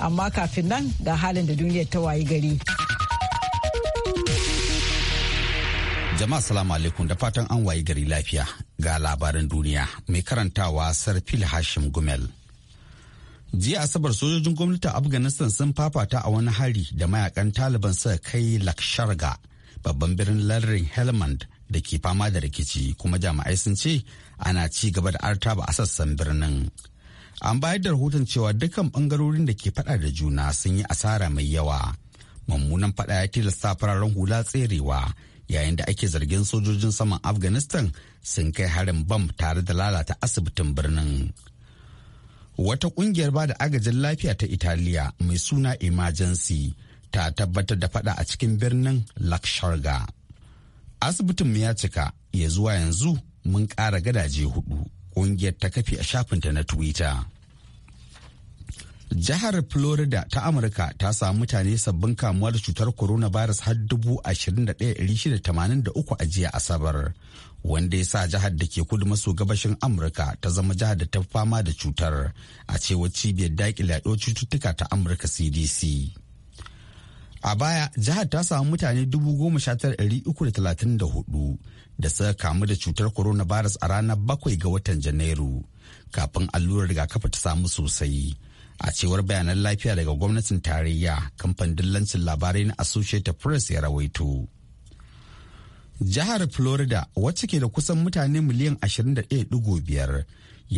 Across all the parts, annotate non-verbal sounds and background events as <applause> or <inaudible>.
amma kafin nan ga halin da duniyar ta wayi gari. Jama'a salamu alaikum da fatan an wayi gari lafiya ga labarin duniya mai karantawa Phil Hashim Gumel. Jiya Asabar sojojin gwamnati Afghanistan sun fafata a wani hari da mayakan Taliban suka kai Laksharga babban birnin lardin Helmand da ke fama da rikici kuma jama'ai sun ce ana ci gaba da artaba a sassan birnin. an bayar da rahoton cewa dukkan bangarorin da ke fada da juna sun yi asara mai yawa mummunan fada ya tilasta fararen hula tserewa yayin da ake zargin sojojin saman afghanistan sun kai harin bam tare da lalata asibitin birnin wata kungiyar ba da agajin lafiya ta italiya mai suna emergency ta tabbatar da fada a cikin birnin laksharga asibitin ya cika ya zuwa yanzu mun ƙara gadaje hudu kungiyar ta kafe a shafinta na twitter jihar florida ta amurka ta samu mutane sabbin kamuwa da cutar coronavirus har 21,683 a jiya asabar wanda ya sa jihar da ke kudu maso gabashin amurka ta zama jihar da ta fama da cutar a cewar cibiyar daƙile cututtuka ta amurka cdc A baya, jihar ta samu mutane 19,334 da suka kamu da cutar corona coronavirus a ranar bakwai ga watan Janairu, kafin allurar rigakafi ta samu sosai. A cewar bayanan lafiya daga gwamnatin tarayya, kamfanin dillancin labarai na Associated Press ya rawaito. Jihar Florida, wacce ke da kusan mutane miliyan 21.5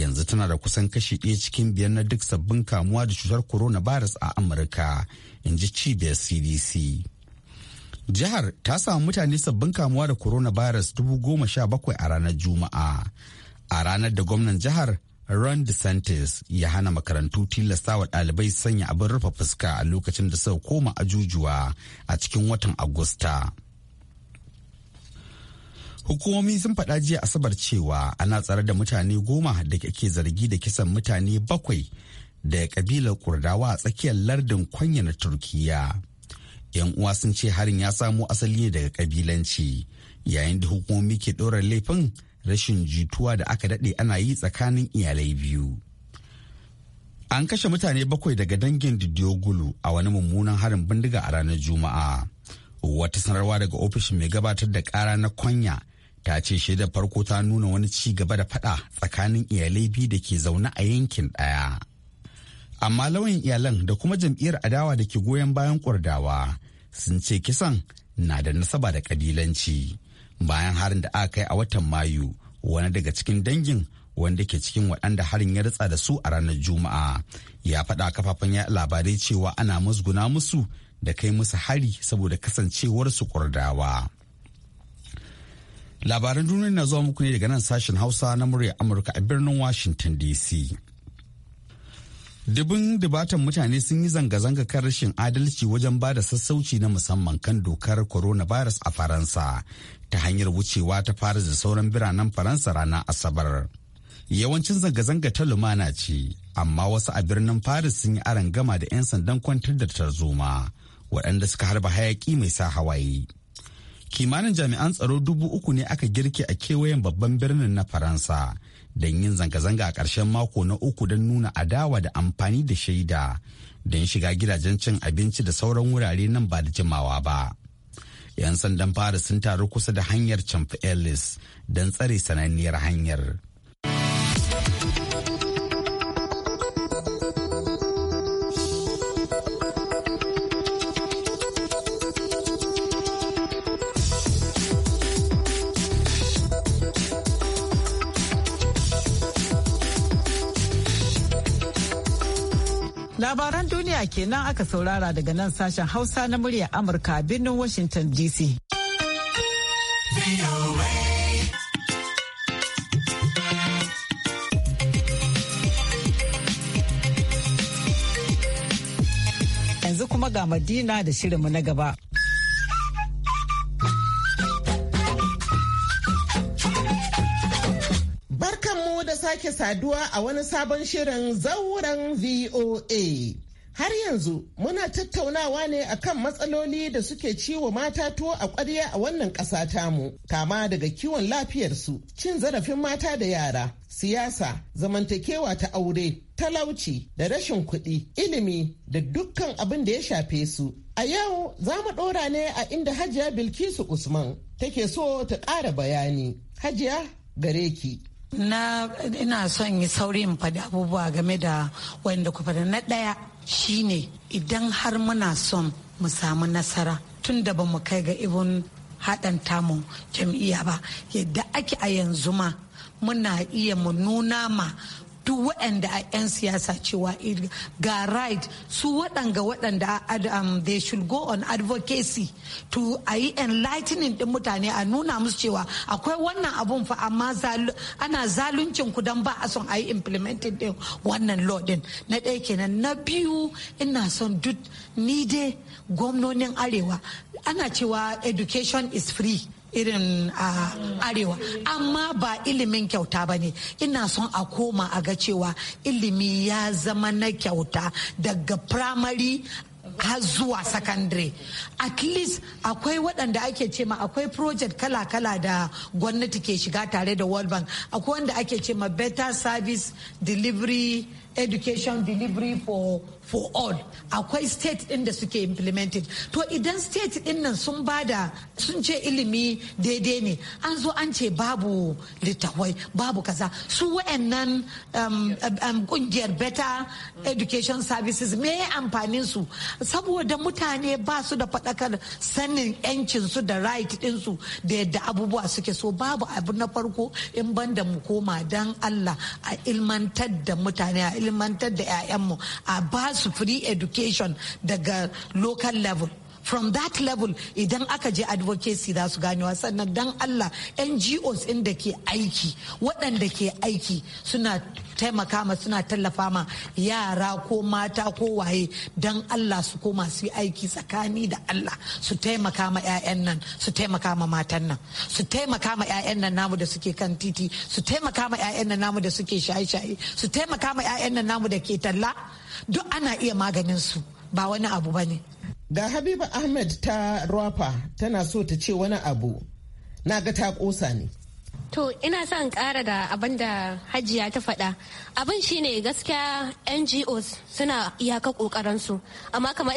yanzu tana da kusan kashi ɗaya cikin biyar na duk sabbin kamuwa da cutar coronavirus a amurka in ji cibiyar cdc jihar ta samu mutane sabbin kamuwa da coronavirus bakwai a ranar juma'a a ranar da gwamnan jihar ron desantis ya hana makarantu tilasta wa ɗalibai sanya abin rufe fuska a lokacin da suka koma ajujuwa a cikin watan agusta. Hukumomi sun faɗa jiya Asabar cewa ana tsare da mutane goma da ke zargi da kisan mutane bakwai da ƙabilar Kurdawa a tsakiyar lardin kwanya na Turkiya. 'Yan uwa sun ce harin ya samo asali ne daga kabilanci yayin da hukumomi ke ɗora laifin rashin jituwa da aka daɗe ana yi tsakanin iyalai biyu. An kashe mutane bakwai daga dangin Didiogulu a wani mummunan harin bindiga a ranar Juma'a. Wata sanarwa daga ofishin mai gabatar da ƙara na kwanya. ta ce shaidar farko ta nuna wani ci gaba da fada tsakanin iyalai biyu da ke zaune a yankin ɗaya. Amma lauyan iyalan da kuma jam'iyyar adawa da ke goyon bayan kurdawa sun ce kisan na da nasaba da kabilanci. Bayan harin da aka kai a watan Mayu, wani daga cikin dangin wanda ke cikin waɗanda harin ya ritsa da su a ranar Juma'a ya faɗa kafafen ya labarai cewa ana musguna musu da kai musu hari saboda kasancewarsu kurdawa. Labaran duniya na zuwa muku ne daga nan sashen Hausa na murya Amurka a birnin Washington DC. Dubin dubatan mutane sun yi zanga-zanga kan rashin adalci wajen ba da sassauci na musamman kan dokar coronavirus a Faransa ta hanyar wucewa ta fara da sauran biranen Faransa ranar Asabar. Yawancin zanga-zanga ta lumana ce, amma wasu a birnin Faris sun yi aron gama da 'yan sandan kwantar da tarzoma waɗanda suka harba hayaƙi mai sa hawaye. kimanin jami'an tsaro dubu uku ne aka girke a kewayen babban birnin na faransa don yin zanga-zanga a ƙarshen mako na uku don nuna adawa da amfani da shaida don shiga gidajen cin abinci da sauran wurare nan ba da jimawa ba 'yan sandan fara sun taru kusa da hanyar champs don tsare sananniyar hanyar duniya kenan aka saurara daga nan sashen Hausa na muryar Amurka birnin Washington DC. Yanzu kuma ga Madina da shirinmu na gaba. sake saduwa a wani sabon shirin zauren VOA. Har yanzu muna tattaunawa ne akan matsaloli da suke ciwo mata tuwo a ƙwarya a wannan ƙasa tamu, kama daga kiwon lafiyarsu, cin zarafin mata da yara, siyasa, zamantakewa ta aure, talauci da rashin kuɗi, ilimi da dukkan abin da ya shafe su. A yau za mu ɗora ne a inda Hajiya Bilkisu Usman take so ta ƙara bayani. Hajiya gare ki. Na ina son yi saurin fadi faɗi abubuwa game da wanda ku faɗa na ɗaya shine idan har muna son mu samu nasara tun da ba mu kai ga ibon haɗin tamu jam'iyya ba yadda ake a yanzu ma muna iya mu nuna ma duk waɗanda a 'yan siyasa cewa ga right su waɗanga waɗanda um, they should go on advocacy to a yi enlightening ɗin mutane a nuna musu cewa akwai wannan abun fa amma ana zaluncin ku don ba a son a yi implementing din wannan law ɗin na ɗaya kenan na biyu ina son duk ni dai gwamnonin arewa ana cewa education is free irin a arewa amma ba ilimin kyauta ba ne ina son a koma a ga cewa ilimi ya zama na kyauta daga primary har zuwa secondary at least akwai waɗanda ake cema akwai project kala-kala da gwamnati ke shiga tare da world bank akwai wanda ake ce ma better service delivery education delivery for for all akwai state din da suke implemented to idan state din nan sun bada sun ce ilimi daidai ne an zo an ce babu littawai babu kaza su wa'annan kungiyar um, um, better education services me amfanin su saboda mutane ba su da fadakar sanin yancin su da right din su da yadda abubuwa suke so babu abu na farko in banda mu koma dan Allah a ilmantar da mutane a ilimantar da 'ya'yanmu a ba su free education daga local level from that level idan aka je advocacy za su wasan sannan dan Allah NGOs in da ke aiki waɗanda ke aiki suna taimaka ma suna tallafa ma yara ko mata ko waye dan Allah su koma su yi aiki tsakani da Allah su taimaka ma 'ya'yan nan su taimaka ma matan nan su taimaka ma 'ya'yan nan namu da suke kan titi su taimaka ma 'ya'yan nan namu da suke shaye-shaye su taimaka ma 'ya'yan nan namu da ke talla duk ana iya maganin su ba wani abu ba ne Ga Habiba Ahmed ta Rwafa tana so ta ce wani abu, na ga ta kosa ne. To ina son kara da abin da hajiya ta faɗa. Abin shine gaskiya NGOs suna iyaka ƙoƙarinsu. Amma kamar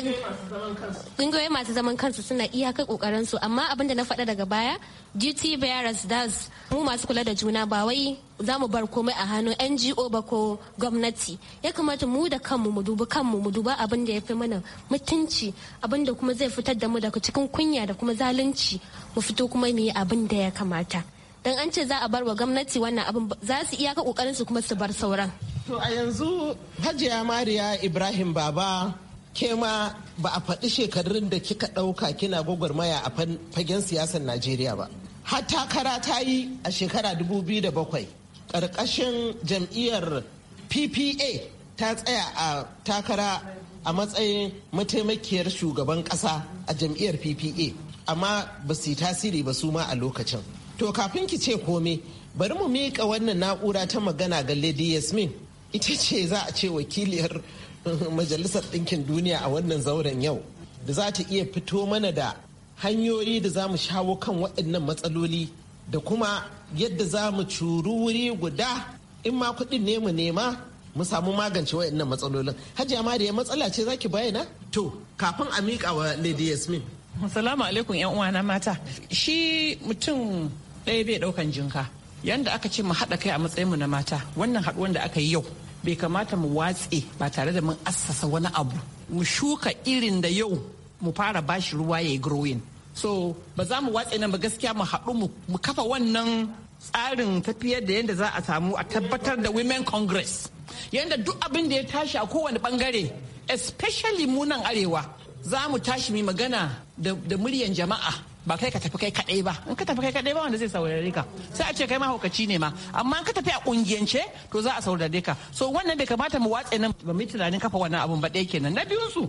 ƙungiyoyi masu zaman kansu suna iyaka ƙoƙarinsu. Amma abin da na faɗa daga baya, duty bearers does mu masu kula da juna ba wai za mu bar komai a hannun NGO ba ko gwamnati. Ya kamata mu da kanmu mu dubi kanmu mu duba abin da ya fi mana mutunci abin da kuma zai fitar da mu daga cikin kunya da kuma zalunci mu fito kuma mu yi abin da ya kamata. dan an ce za a bar wa gwamnati wannan abin za su ka kokarin su kuma su bar sauran to a yanzu hajiya mariya ibrahim baba ke ma ba a faɗi shekarun da kika ɗauka kina gwagwarmaya a fagen siyasar najeriya ba har takara ta yi a shekara 2007 ƙarƙashin jam'iyyar ppa ta tsaya a takara a matsayin mataimakiyar shugaban ƙasa a jam'iyyar ppa amma ba su yi tasiri ba su ma a lokacin To kafin ki ce kome, bari mu miƙa wannan na'ura ta magana ga Lady Yasmin. Ita ce za a ce wakiliyar <laughs> Majalisar Ɗinkin Duniya a wannan zauren yau. Da za ta iya fito mana da hanyoyi da za mu shawo kan waɗannan matsaloli da kuma yadda za mu curu wuri guda in ma kuɗin ne mu nema mu samu magance waɗannan matsalolin. Hajiya ma da ya matsala ce za ki bayyana? To, kafin a miƙa wa Lady Yasmin. Assalamu alaikum 'yan na mata. Shi mutum ɗaya bai ɗaukan jinka yadda aka ce mu haɗa kai a matsayinmu na mata wannan haɗuwan da aka yi yau bai kamata mu watse ba tare da mun assasa wani abu mu shuka irin da yau mu fara bashi ruwa ya yi growing so ba za mu watse nan ba gaskiya mu haɗu mu kafa wannan tsarin tafiyar da yadda za a samu a tabbatar da women congress yadda duk abin da ya tashi a kowane bangare especially munan arewa za mu tashi mai magana da, da muryan jama'a ba kai ka tafi kai kadai ba in ka tafi kai kadai ba wanda zai saurare ka sai a ce kai mahaukaci ne ma amma in ka tafi a kungiyance to za a saurare ka so wannan bai kamata mu watse nan ba mu tunanin kafa wannan abun ba ɗaya kenan na biyun su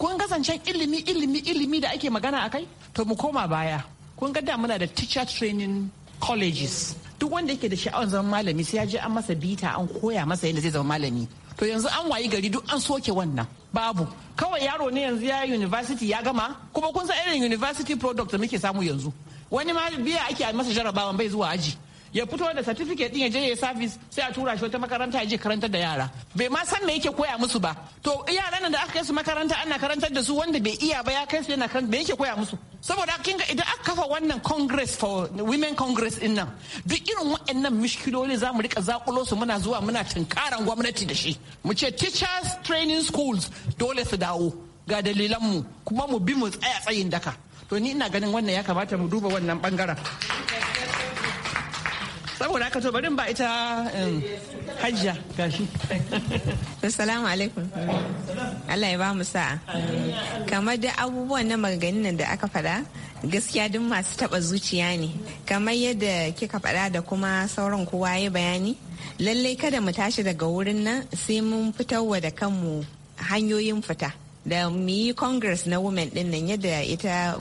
kun kasance ilimi ilimi ilimi da ake magana akai to mu koma baya kun ga da muna da teacher training colleges duk wanda yake da sha'awar zama malami sai ya je an masa bita an koya masa yadda zai zama malami to yanzu an wayi gari duk an soke wannan babu kawai yaro ne yanzu ya university ya gama kuma kun san irin university product da muke samu yanzu wani ma biya ake masa jarabawan bai zuwa aji ya fito da certificate din ya je ya service sai a tura shi wata makaranta ya je karantar da yara bai ma san me yake koya musu ba to yaran da aka kai su makaranta ana karantar da su wanda bai iya ba ya kai su yana karanta me yake koya musu saboda kinga idan aka kafa wannan congress for women congress din nan duk irin waɗannan mishkiloli za mu rika zakulo su muna zuwa muna tinkaran gwamnati da shi mu ce teachers training schools dole su dawo ga dalilan mu kuma mu bi mu tsaya tsayin daka to ni ina ganin wannan ya kamata mu duba wannan bangaren saboda haka to barin ba ita hajja gashi assalamu alaikum Allah ya ba mu sa'a kamar da abubuwan na maganganun da aka faɗa gaskiya duk masu taba zuciya ne kamar yadda kika faɗa da kuma sauran kowa ya bayani lallai kada mu tashi daga wurin nan sai mun fitarwa da kanmu hanyoyin fita da mu yi congress na women din nan yadda ita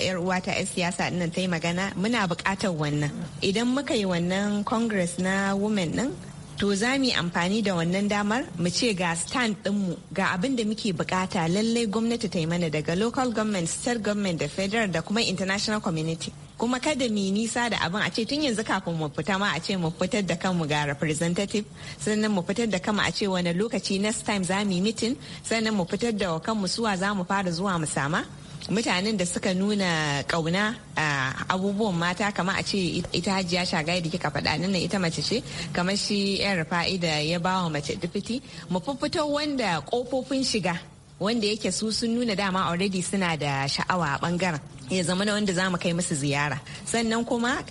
yar uwa ta yar siyasa din nan ta yi magana muna buƙatar wannan idan muka yi wannan congress na women din to za mu yi amfani da wannan damar mu ce ga stand dinmu ga abin da muke bukata lallai gwamnati ta yi mana daga local government state government da federal da kuma international community kuma kada mu nisa da abin a ce tun yanzu kafin mu fita ma a ce mu fitar da kanmu ga representative sannan mu fitar da kanmu a ce wani lokaci next time za mu yi meeting sannan mu fitar da kanmu suwa za mu fara zuwa mu sama mutanen da suka nuna kauna a abubuwan mata kama a ce ita hajiya shagai da kika faɗa nan ita mace ce kamar shi yan rufa'i da ya bawa mace dufiti mu fito wanda ƙofofin shiga wanda yake su sun nuna dama already suna da sha'awa a bangaren ya zama na wanda za mu kai musu ziyara sannan kuma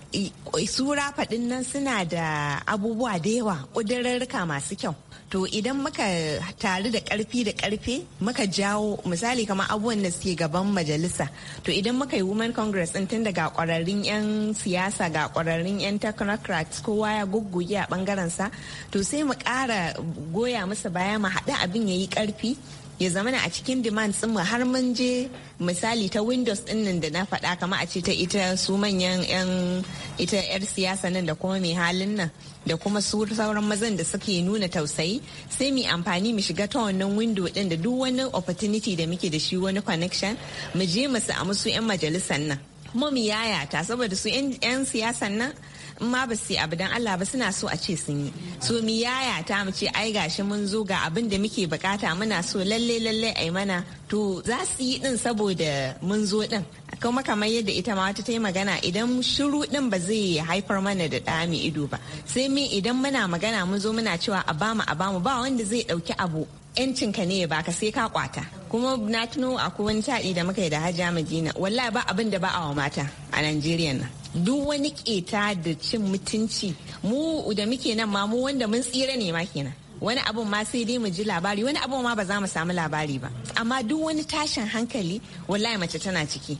sura faɗin nan suna da abubuwa da yawa ƙudurarruka masu kyau to idan muka taru da ƙarfi da karfe muka jawo misali kamar abubuwan da suke gaban majalisa to idan muka yi women congress din tunda ga ƙwararrun 'yan siyasa ga ƙwararrun 'yan technocrats kowa ya gugguye a bangaren sa to sai mu ƙara goya musu baya mu haɗa abin ya yi ƙarfi. ya zamana a cikin demand din mu har mun je misali ta windows ɗinnan da na faɗa kama a ce ta ita su manyan yan ita yar siyasa nan da kuma mai halin nan da kuma su sauran mazan da suke nuna tausayi sai mu amfani mu shiga ta wannan window din da duk wani opportunity da muke da shi wani connection mu je mu samu su yan majalisar nan kuma mu yayata saboda su yan siyasan nan in ma ba su yi abu don Allah ba suna so a ce sun yi so mi yaya ta mu ce ai gashi mun zo ga abin da muke bukata muna so lalle lalle ai mana to za su yi din saboda mun zo din kuma kamar yadda ita ma wata ta yi magana idan shiru din ba zai haifar mana da ɗa ido ba sai mi idan muna magana mun zo muna cewa a bamu a bamu ba wanda zai ɗauki abu yancinka ne ya baka sai ka kwata kuma na tuno a wani taɗi da muka yi da hajiya madina wallahi ba abin da ba a wa mata a najeriya nan duk wani keta da cin mutunci mu da muke nan ma mu wanda mun tsira ne ma kenan wani abun ma sai dai mu ji labari wani abun ma ba za mu samu labari ba amma duk wani tashin hankali wallahi mace tana ciki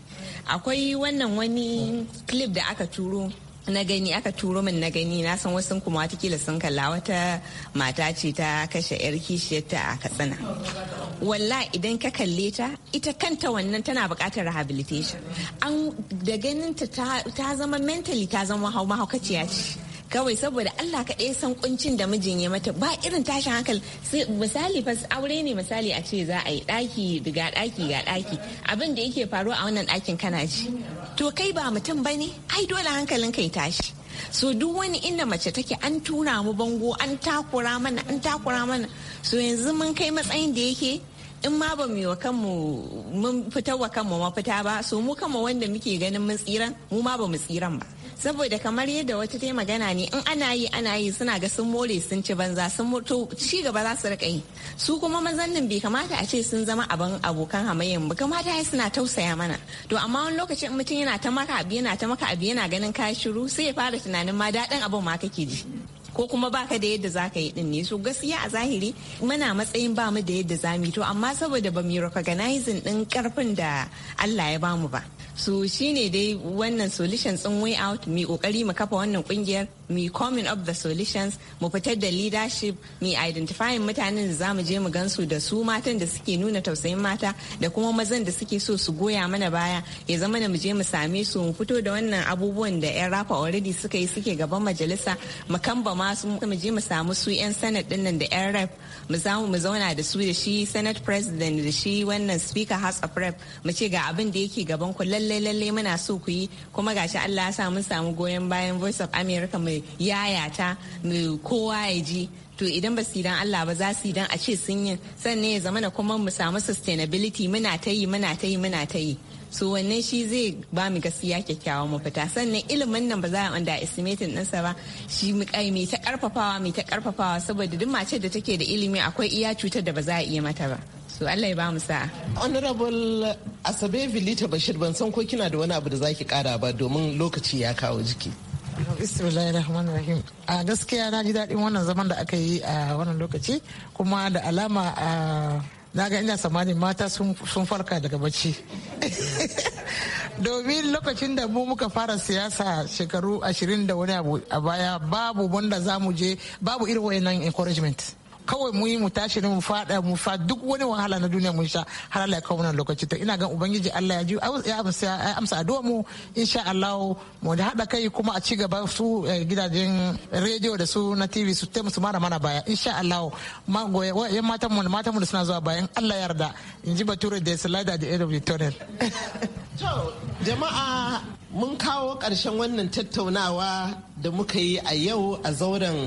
akwai wannan wani clip da aka turo na gani aka turo min na gani na san wasu kuma watakila sun kalla wata mata ce ta kashe yar kishiyarta a katsina walla idan ka kalle ta ita kanta wannan tana bukatar rehabilitation an da ganinta ta zama mentally ta zama mahaukaciya ce kawai saboda Allah kaɗai san kuncin da mijin ya mata ba irin tashin hankali sai misali fa aure ne misali a ce za a yi ɗaki ga ɗaki ga ɗaki abin da yake faruwa a wannan ɗakin kana ji to kai ba mutum ba ne ai dole hankalin kai tashi so duk wani inda mace take an tura mu bango an takura mana an takura mana so yanzu mun kai matsayin da yake in ma ba mu wa kanmu mun fita wa kanmu mafita ba so mu kama wanda muke ganin mun tsiran mu ma ba mu tsiran ba saboda kamar yadda wata ta magana ne in ana yi ana yi suna ga sun more sun ci banza sun mutu ci gaba za su rika yi su kuma mazan nan bai kamata a ce sun zama abin abokan hamayyan ba kamata ya suna tausaya mana to amma wani lokacin mutum yana ta maka abu yana ta maka abu yana ganin ka shiru sai ya fara tunanin ma daɗin abin ma kake ji ko kuma baka da yadda zaka yi din ne so gaskiya a zahiri muna matsayin bamu da yadda zamu to amma saboda ba mu recognizing din karfin da Allah ya bamu ba su shine dai wannan solutions din way out mi kokari mu kafa wannan kungiyar mi coming up the solutions mu fitar da leadership mi identifying mutanen da zamu je mu gansu da su matan da suke nuna tausayin mata da kuma mazan da suke so su goya mana baya ya zama da mu je mu same su mu fito da wannan abubuwan da yan rafa already suka yi suke gaban majalisa mu kamba ma su mu je mu samu su yan senate din nan da yan rep mu samu mu zauna da su da shi senate president da shi wannan speaker house of rep mu ce ga abin da yake gaban kullum lallai lallai muna so ku yi kuma gashi Allah ya sa mun samu goyon bayan Voice of America mai yayata mai kowa ya ji to idan ba su dan Allah ba za su idan a ce sun yi sannan ya zama na kuma mu samu sustainability muna ta yi muna ta yi muna ta yi so wannan shi zai ba mu gaskiya kyakkyawan mafita sannan ilimin nan ba za a underestimating ɗinsa ba shi mukai mai ta karfafawa mai ta karfafawa saboda duk mace da take da ilimi akwai iya cutar da ba za a iya mata ba so Allah ya ba mu sa'a honorable asabe vilita bashir ban san ko kina da wani abu da zaki kara ba domin lokaci ya kawo jiki bismillahirrahmanirrahim a gaskiya na ji daɗin wannan zaman da aka yi a wannan lokaci kuma da alama a na ga ina tsammanin mata sun farka daga bacci <laughs> domin lokacin da mu muka fara siyasa shekaru ashirin da wani a baya babu wanda za mu je babu irin wayannan encouragement kawai mu yi mu tashi ne mu fada mu fa duk wani wahala na duniya mun sha har Allah ya kawo mana lokaci to ina ga ubangiji Allah ya ji ya amsa addu'a mu insha Allah mu da hada kai kuma a ci gaba su eh, gidajen rediyo da su na TV su taimaka su mara mana baya insha Allah goye wa matan mu matan mu suna zuwa bayan Allah ya yarda in ji bature da slide da Arab tunnel <laughs> to jama'a mun kawo ƙarshen wannan tattaunawa da muka yi a yau a zauren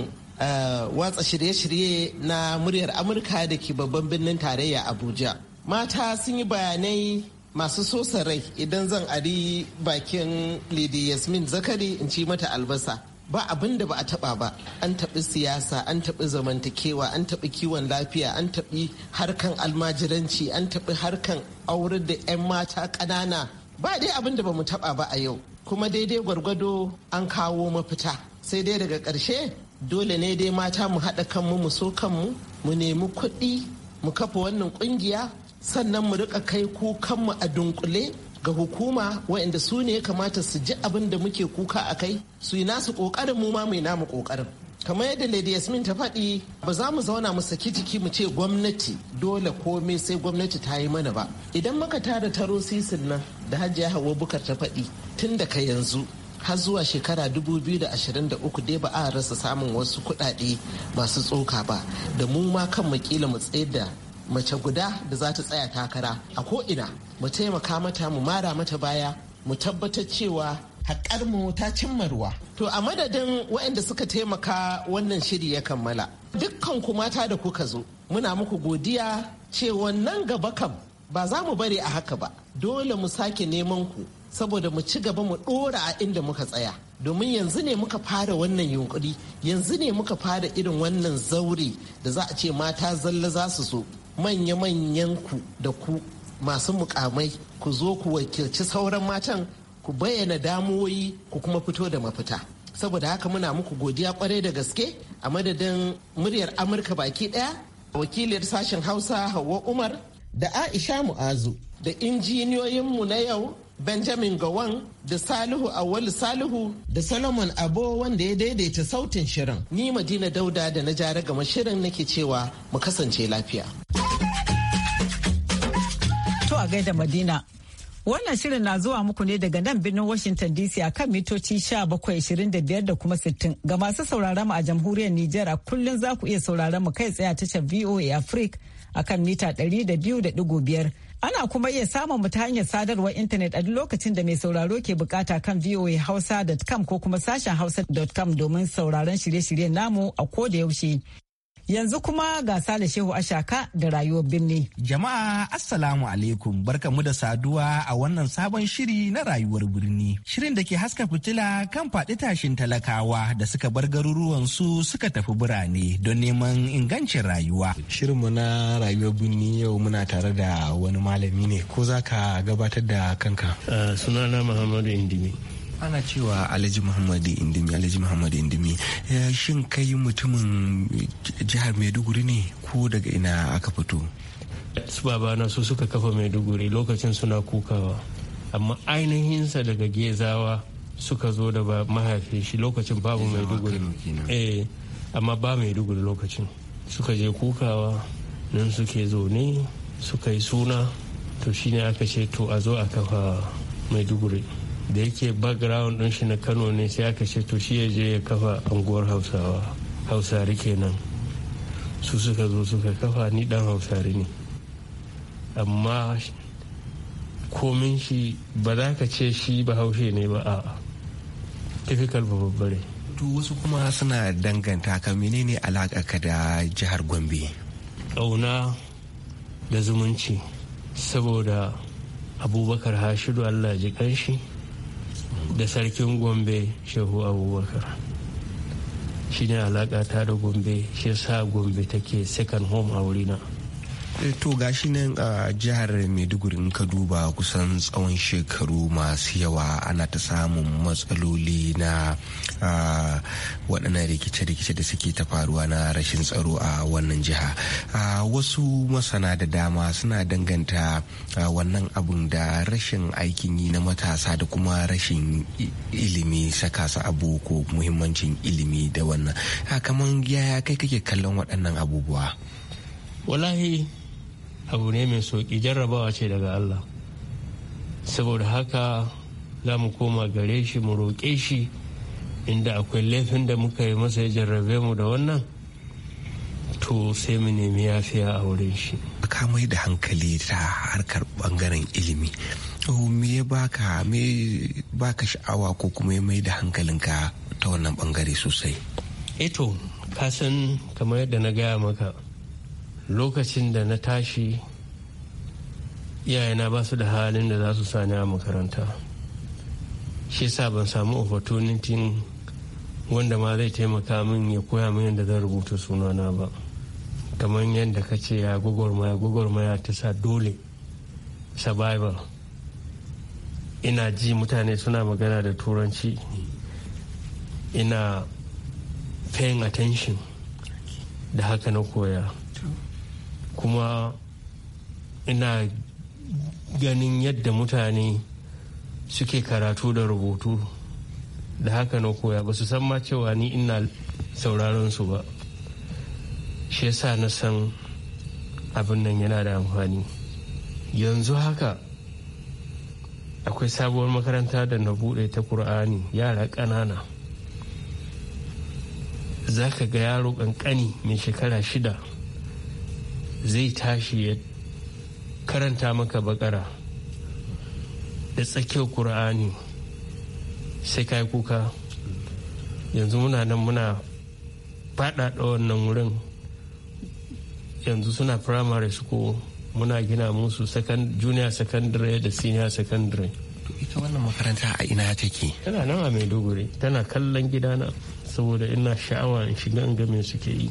Eh, watsa shirye-shirye na muryar amurka da ke babban birnin tarayya abuja mata sun yi bayanai masu sosa rai idan zan ari bakin lady yasmin zakari in ci mata albasa ba abin da ba a taba ba an taɓi siyasa an taɓi zamantakewa an taɓi kiwon lafiya an taɓi harkan almajiranci an taɓi harkan aure da 'yan mata ƙanana ba dai abin da ba mu taɓa ba a yau kuma daidai gwargwado an kawo mafita sai dai daga ƙarshe dole ne dai mata mu haɗa kanmu mu so kanmu mu nemi kuɗi mu kafa wannan ƙungiya sannan mu rika kai kukanmu a dunkule ga hukuma waɗanda su ne ya kamata su ji abin da muke kuka a kai su yi nasu ƙoƙarin mu ma mai namu ƙoƙarin kamar yadda lady yasmin ta faɗi ba za mu zauna mu saki jiki mu ce gwamnati dole komai sai gwamnati ta yi mana ba idan muka tara taro sisin nan da hajjiya hawa bukar ta faɗi tun da yanzu har zuwa shekara 2023 dai ba a rasa samun wasu kuɗaɗe masu tsoka ba da mu ma kan makila mu tsayar da mace guda da za ta tsaya takara a ko'ina mu taimaka mata mu mara mata baya mu tabbatar cewa haƙar mu ta cimma ruwa. To a madadin waɗanda suka taimaka wannan shiri ya kammala. Dukkan ku mata da kuka zo, muna muku godiya cewa nan gaba kam ba za mu bari a haka ba. Dole mu sake neman ku saboda mu ci gaba mu ɗora a inda muka tsaya domin yanzu ne muka fara wannan yunkuri yanzu ne muka fara irin wannan zaure da za a ce mata zalla za su so manya-manyan ku da ku masu mukamai ku zo ku wakilci sauran matan ku bayyana damuwoyi ku kuma fito da mafita saboda haka muna muku godiya kwarai da gaske a madadin muryar amurka baki daya wakiliyar sashen hausa Hauwa umar da aisha mu'azu da injiniyoyinmu na yau Benjamin Gawan da Salihu Awali Salihu da Solomon Abo wanda ya daidaita sautin shirin. Ni Madina Dauda da na jara gama shirin nake cewa mu kasance lafiya. To a gaida Madina. Wannan shirin na zuwa muku ne daga nan birnin Washington DC a kan mitoci 1725 da kuma 60. Ga masu sauraron mu a jamhuriyar Nijar a kullum za ku iya sauraron mu kai tsaye a tashar VOA Africa a kan mita 200.5. Ana kuma iya samun mu ta hanyar sadarwar intanet a duk lokacin da mai sauraro ke bukata kan voahausa.com ko kuma sashen hausa.com domin sauraron shirye-shiryen namu a ko da yaushe. Yanzu kuma gasa da Shehu Ashaka da rayuwar birni. Jama'a Assalamu alaikum barka mu da saduwa a wannan sabon shiri na rayuwar birni. Shirin da ke haska fitila kan faɗi tashin talakawa da suka bar garuruwan su suka tafi birane don neman ingancin rayuwa. Shirinmu na rayuwar birni yau muna tare da wani malami ne ko za ka gabatar da kanka? Uh, sunana Muhammadu Indimi. ana cewa alhaji muhammadu indimi alhaji muhammadu indimi eh, shin kai mutumin jihar maiduguri ne ko daga ina aka fito su babana su suka kafa maiduguri lokacin suna kukawa amma ainihinsa daga gezawa suka zo da mahaifin shi lokacin babu maiduguri eh amma ba maiduguri lokacin suka je kukawa nan suke zaune suka yi suna to shine aka ce to a zo a kafa maiduguri da yake background din shi na kano ne sai aka ce to shi ya je ya kafa anguwar hausawa hausari kenan su suka zo suka kafa ni dan hausari ne amma komin shi ba za ka ce shi ba haushe ne ba a typical babbare to wasu kuma suna danganta ka menene alaƙa ka da jihar gombe ƙauna da zumunci saboda abubakar hashidu allah ji kanshi da sarkin gombe shehu abubakar shi ne alaƙa ta da gombe shi sa gombe take second home a wurina Eh, to gashi nan a jihar maiduguri ka duba kusan tsawon shekaru masu yawa ana ta samun matsaloli na waɗannan rikice-rikice da suke ta faruwa na rashin tsaro a wannan jiha wasu masana da dama suna danganta wannan abun da rashin aikin yi na matasa da kuma rashin ilimi saka su abu ko muhimmancin ilimi da wannan kamar yaya kai kake kallon waɗannan abubuwa wallahi abu ne mai sauƙi jarrabawa ce daga allah saboda haka za mu koma gare shi mu roƙe shi inda akwai laifin da muka yi masa ya jarrabe mu da wannan to sai mu nemi yafiya a wurin shi ka mai da hankali ta harkar bangaren ilimi me ya baka me baka sha'awa ko kuma ya mai da hankalinka ta wannan bangare sosai eto eh ka san kamar yadda na gaya maka lokacin da na tashi iyayena ba su da halin da za su sani a makaranta shi sa ban samu opportunity wanda ma zai taimaka min ya koya min yadda zan rubuta sunana ba kamar yadda ka ce ya gwagwarmaya gwagwarmaya ta sa dole survival ina ji mutane suna magana da turanci ina paying attention da haka na koya kuma ina ganin yadda mutane suke karatu da rubutu da haka na koya ba su san ma cewa ni ina sauraron su ba shi yasa na san abin nan yana da amfani yanzu haka akwai sabuwar makaranta da na bude ta kur'ani yara ƙanana za ka ga yaro ƙanƙani mai shekara shida zai tashi ya karanta maka bakara da tsakiyar ƙur'ani sai kai kuka yanzu muna nan muna faɗaɗa wannan wurin yanzu suna primary school muna gina musu junior secondary da senior secondary to ita wannan makaranta a ina take tana nan a maiduguri tana kallon gidana saboda ina sha'awa in shiga in ga me suke yi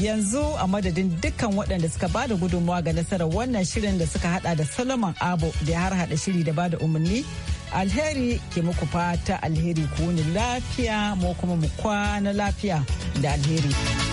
yanzu a madadin dukkan waɗanda suka bada gudunmawa ga nasarar wannan shirin da suka hada da solomon abu da ya har hada shiri da bada umarni alheri ke muku fata alheri ku wuni lafiya mu kuma mu kwana lafiya da alheri.